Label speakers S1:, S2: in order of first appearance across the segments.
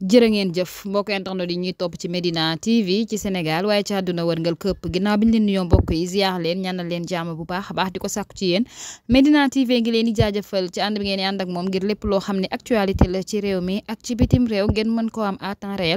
S1: jërë ngeen jëf mbokk internet yi ñuy topp ci Medina TV ci Sénégal waaye ci àdduna wërngal këpp ginnaaw bi ñu leen nuyoo mbokk yi ziar a baax di ko sàkku ci yéen Medina TV ngi leen di jaajëfal ci ànd bi ngeen di ànd ak moom ngir lépp la ci réew mi ak ci bitim réew ngeen mën koo am à temps bi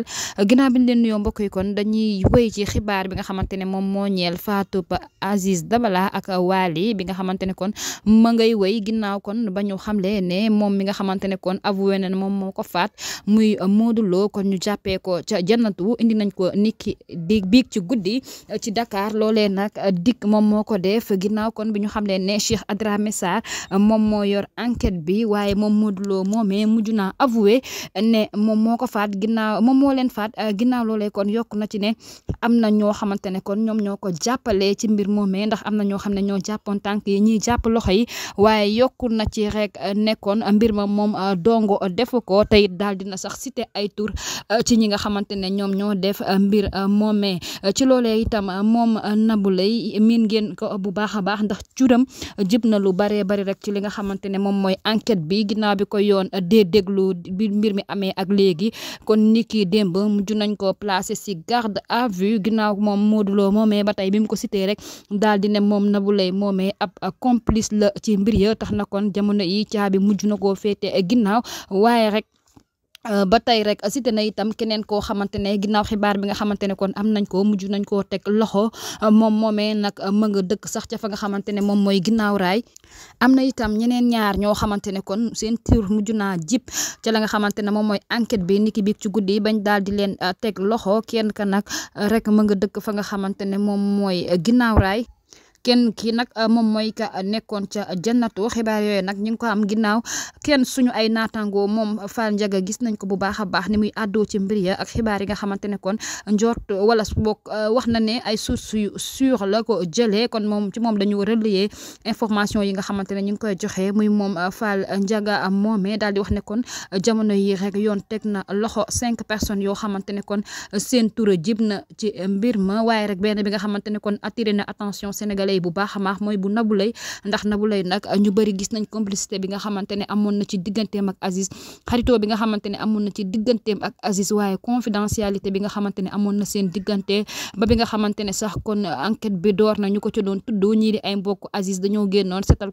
S1: nga xamante ne moom moo ñeel Fatou Aziz Dabala ak Wally bi nga xamante ne kon ma ngay wéy ginnaaw kon ba ñu xamle ne moom mi nga xamante ne kon avoué na moom moo ko faat muy Modou Lo kon ñu jàppee ko ca jannatu indi nañ ko niki di biig ci guddi eh, ci Dakar loolee nag eh, dikk moom moo ko def ginnaaw kon bi ñu xam ne ne Cheikh Adramé Sarr eh, moom moo yor enquête bi waaye moom Modou Lo moomee mujj naa avoué ne moom moo ko faat ginnaaw moom moo leen faat ginnaaw loolee kon yokku na ci ne am na ñoo xamante ne kon ñoom ñoo ko jàppale ci mbir moomee ndax am na ñoo xam ne ñoo jàppoon tànk yi ñiy jàpp loxo yi waaye yokku na ci rek nekkoon mbir ma moom dongo defu ko tey daal ay tur euh, ci ñi nga xamante ne ñoom ñoo def euh, mbir euh, moom moomee ci loolee itam moom nabu Leye miin ngeen ko bu baax a baax ndax curam jib na lu baree bari rek ci li nga xamante ne moom mooy enquête bi ginnaaw bi ko yoon dee déglu bi mbir mi amee ak léegi kon ni ki démb mujj nañ ko placé si garde à vue ginnaaw moom Modou Lo moomee ba tey bi mu ko cité rek daal di ne moom Nabou Leye moomee ab complice la ci mbir ya tax na kon jamono yi caabi mujj na koo féete waaye rek Euh, ba tey rek cité na itam keneen koo xamante ne ginnaaw xibaar bi nga xamante ne kon am nañ ko mujj nañ koo teg loxo euh, moom moomee nag euh, mën nga dëkk sax ca fa nga xamante ne moom mooy ginnaaw raay am na itam ñeneen ñaar ñoo xamante ne kon seen tur mujj naa jip ca la nga xamante ne moom mooy enquête bi niki bi ci guddi bañ daal di leen teg loxo kenn ka nag rek mën nga dëkk fa nga xamante ne moom mooy ginnaaw raay kenn ki nag euh, moom mooy ka nekkoon ca jannatu xibaar yooyu nag ñu ngi ko am ginnaaw kenn suñu ay naataango moom Fall Ndiaga gis nañ ko bu baax a baax ni muy àddoo ci mbir ya ak xibaar yi nga xamante ne kon njort wala boog euh, wax na ne ay sources yu sûres la ko jëlee kon moom ci moom dañu relayer information yi nga xamante ne ñu ngi koy joxe muy moom euh, Fall Ndiaga moomee daal di wax ne kon jamono yi yoon teg na loxo cinq personnes yoo xamante ne kon seen tur jib na ci mbir ma waaye rek benn bi nga xamante ne kon attiré na attention sénégalais lay bu baax a baax mooy bu Nabou Leye ndax Nabou Leye nag ñu bëri gis nañ bi nga xamante ne na ci digganteem bi nga xamante ne amoon na ci digganteem ak Aziz waaye confidentialité bi nga xamante ne amoon na seen diggante na ko ci doon tudd ñii di ay mbokk Aziz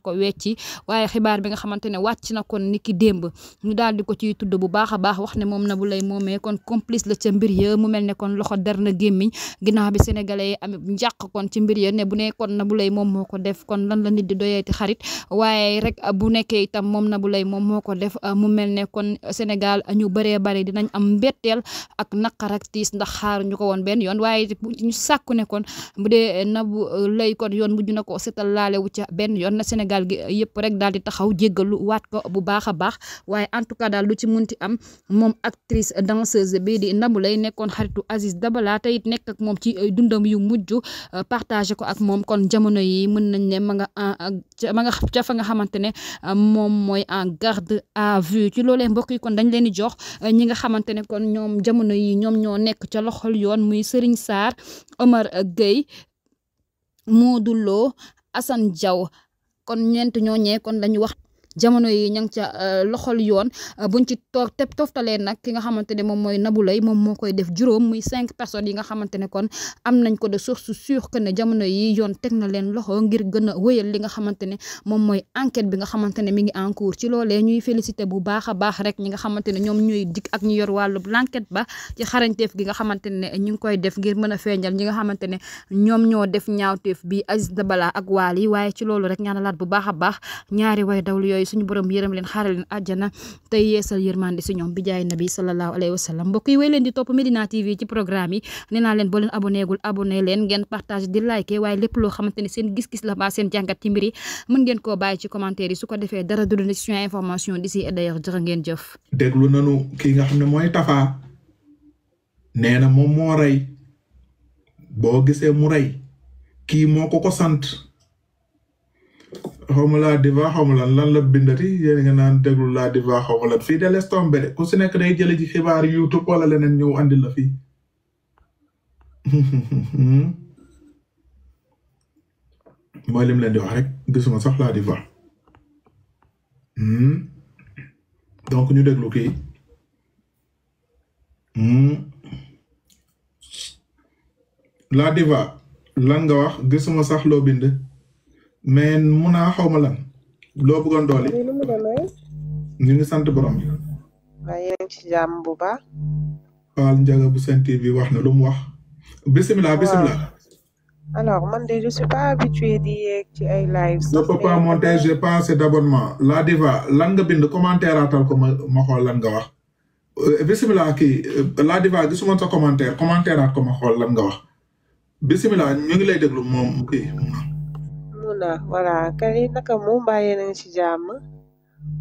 S1: ko wecci waaye xibaar bi nga xamante ne wàcc na kon niki démb ñu daal di ko ciy tudd bu a baax wax ne moom Nabou Leye moomee kon complice la ca mbir ya mu mel ne kon loxo der na gémmiñ ginnaaw bi sénégalais yi am kon ci ne bu ne kon Nabou Leye moom ko def kon lan la nit di doyeeti xarit waaye rek bu nekkee itam moom Nabou Leye moom moo ko def mu mel ne kon Sénégal ñu bëree bëri dinañ am mbeteel ak naqar ak ndax xaar ñu ko woon benn yoon waaye ñu sàkku ne kon bu dee Nabou Leye kon yoon mujj na ko setal laale wu ca benn yoon na Sénégal gi yëpp rek daal di taxaw jéggalu waat ko bu baax a baax waaye en tout cas daal lu ci munti am moom actrice danseuse bi di Nabou Leye nekkoon xaritu Aziz Dabala te it nekk ak moom ci dundam yu mujj partagé ko ak moom kon jamono yi mën nañ ne ma nga ah, ma nga ca fa nga xamante ne ah, moom mooy en garde à vue ci loolee mbokk yi kon dañ leen di jox ah, ñi nga xamante ne kon ñoom jamono yi ñoom ñoo nekk ca loxol yoon muy Serigne Sarr Omar Gueye Modou Lo Assane Diaw kon ñeent ñoo kon dañu wax jamono yi ña ngi ca euh, loxol yoon euh, buñ ci toog te toftalee nag ki nga xamante ne moom mooy Nabou moom moo koy def juróom muy cinq personnes yi nga xamante ne kon am nañ ko de source sûre que ne jamono yi yoon teg na leen loxo ngir gën a wéyal li nga xamante ne moom mooy enquête bi nga xamante ne mi ngi en ci loolee ñuy félicité bu baax a baax rek ñi nga xamante ne ñoom ñooy dikk ak ñu yor wàllu l'enquête ba ci xarañteef gi nga xamante ne ñu ngi koy def ngir mën a feeñal ñi nga xamante ne ñoom ñoo def ñaawteef bi Aziz Dabala ak Wally waaye ci loolu rek ñaanalaat bu baax a baax ñaari yooyu suñu borom yërëm leen xaaral leen àjjana tey yeesal yërmande si ñoom bi nabi sallallahu alayhi wasallam mbokk yi leen di topp Medina TV ci programme yi nee leen boo leen abonné gul leen ngeen partage di like waaye lépp loo xamante seen gis-gis la baa seen jàngat ci mbir yi ngeen koo bàyyi ci commentaire yi su ko defee dara du leen ci information d'ici et d'ailleurs jërë ngeen jëf.
S2: déglu nanu ki nga xam ne mooy Tafa nee moom moo xaw ma laa diva xaw ma lan lan la bindati yéen nga naan déglu laa diva xaw lan fii de laisse tomber de ku si nekk day jële ci xibaar YouTube wala leneen ñëw andi la fi mooy lim leen di wax rek gisuma sax laa diva hmm? donc ñu déglu kii hmm? laa diva lan nga wax gisuma sax loo bind mais mun naa xaw ma lan loo bëggoon doole. ñu ngi sant borom yi.
S3: waaye yéen bu baax.
S2: Faal Ndiaga bu wax na lu mu wax. bisimilah bisimilah.
S3: alors man de je suis pas habitué di yeeg la
S2: nga bind commentaire atal ko ma xool lan nga wax. Euh, bisimilah kii euh, la diva gisuma sa commentaire commentaire at ko ma xool lan nga wax. bisimilah ñu ngi lay déglu moom kii.
S3: Maymuna wala kani naka mu mbàyyee nañ ci jàmm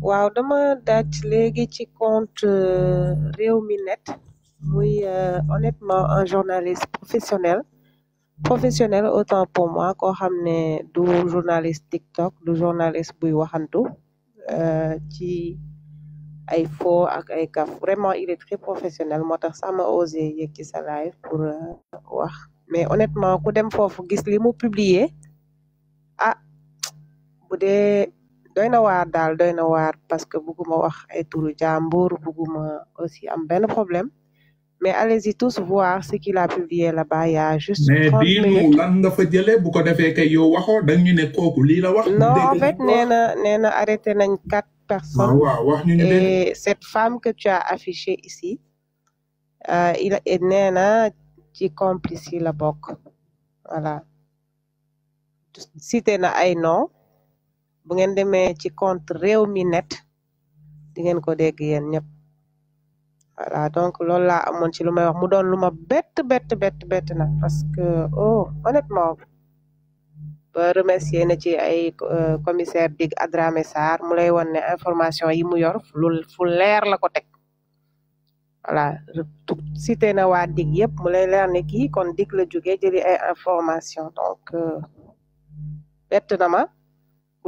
S3: waaw dama daj léegi ci compte euh, réew mi net muy euh, honnêtement un journaliste professionnel professionnel autant pour moi koo xam ne du journaliste TikTok du journaliste buy waxantu euh, ci ay fo ak ay kaf vraiment il est très professionnel moo tax sama osé yëg ci sa pour wax mais honnêtement ku dem foofu gis li publier bu dee na waar daal na waar parce que bugguma wax ay turu jàmbur aussi am benn problème mais allez-y tous voir ce qu'il a publié là-bas y a juste trente minutes mais
S2: diinu lan ne kooku nee
S3: na arrêté nañ quatre personnes ah, waaw wax ñu et cette femme que tu as ici euh, il ci complice yi la bokk voilà cité na ay nom bu ngeen demee ci compte réew mi net di ngeen ko dégg yéen ñëpp voilà donc loolu laa amoon ci lu may mu doon lu ma bett bett bett na parce que oh honnêtement ba remercier na ci ay euh, commissaire dig Adrame Sarr mu lay won ne information yi mu yor lu fu leer la ko teg voilà cité na waa dig yëpp mu lay leer ne kii kon dig la jógee jëli ay information donc euh, bett na ma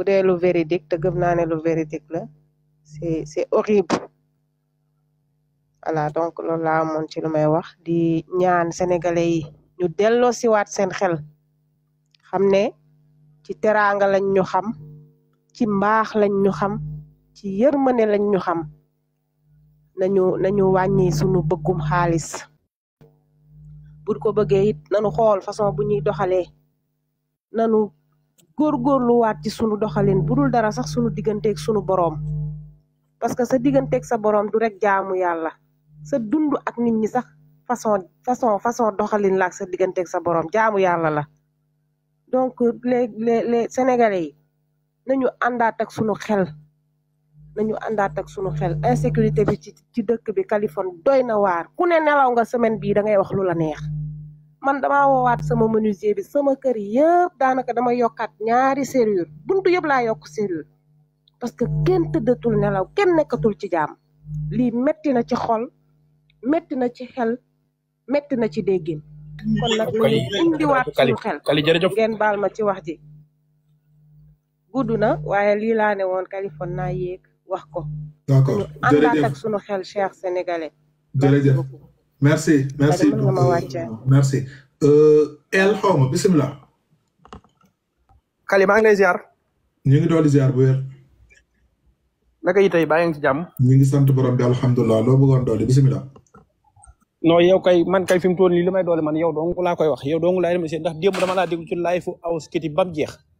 S3: bu dee lu véridique te gëm naa ne lu véridique la c'est c'est horrible voilà donc loolu ci lu may wax di ñaan sénégalais yi ñu delloo siwaat seen xel xam ne ci teraanga lañ ñu xam ci mbaax lañ ñu xam ci yërmande lañ ñu xam nañu nañu wàññi sunu bëggum xaalis buñ ko bëggee it nanu xool façon bu ñuy doxalee nanu góorgóorluwaat ci sunu doxalin bu dul dara sax sunu digganteeg sunu boroom parce que sa digganteeg sa boroom du rek jaamu yàlla sa dund ak nit ñi sax façon façon façon doxalin la ak sa digganteeg sa boroom jaamu yàlla la donc les les les sénégalais yi nañu àndaat ak sunu xel nañu àndaat ak sunu xel sécurité bi ci ci dëkk bi Californie doy na waar ku ne nelaw nga semaine bii da ngay wax lu la neex man dama woowaat sama menuisier bi sama kër yëpp daanaka dama yokkaat ñaari serrure buntu yëpp laa yokk serrure parce que kenn tëddatul nelaw kenn nekkatul ci jaam lii metti na ci xol metti na ci xel metti na ci déggin kon nag nañu indiwaat suñu xel ngeen baal ma ci wax ji gudd na waaye lii laa woon Kaliphone na yéeg wax ko d'accord jërëjëf àndaat xel Cheikh Sénégalais
S2: jërëjëf merci merci merci euh, El Xawma bisimilah. Kali maa ngi lay ziar. ñu ngi doon di ziar bu wér. yi tey bàyyi ci jàmm. ñu ngi sant borom bi alhamdulilah loo bugon doole bisimilah. non yow kay man kay fi mu toll nii li may doole man yow dong laa koy wax yow dong laay remercier ndax
S1: démb dama laa déglu ci live fu aw bam jeex.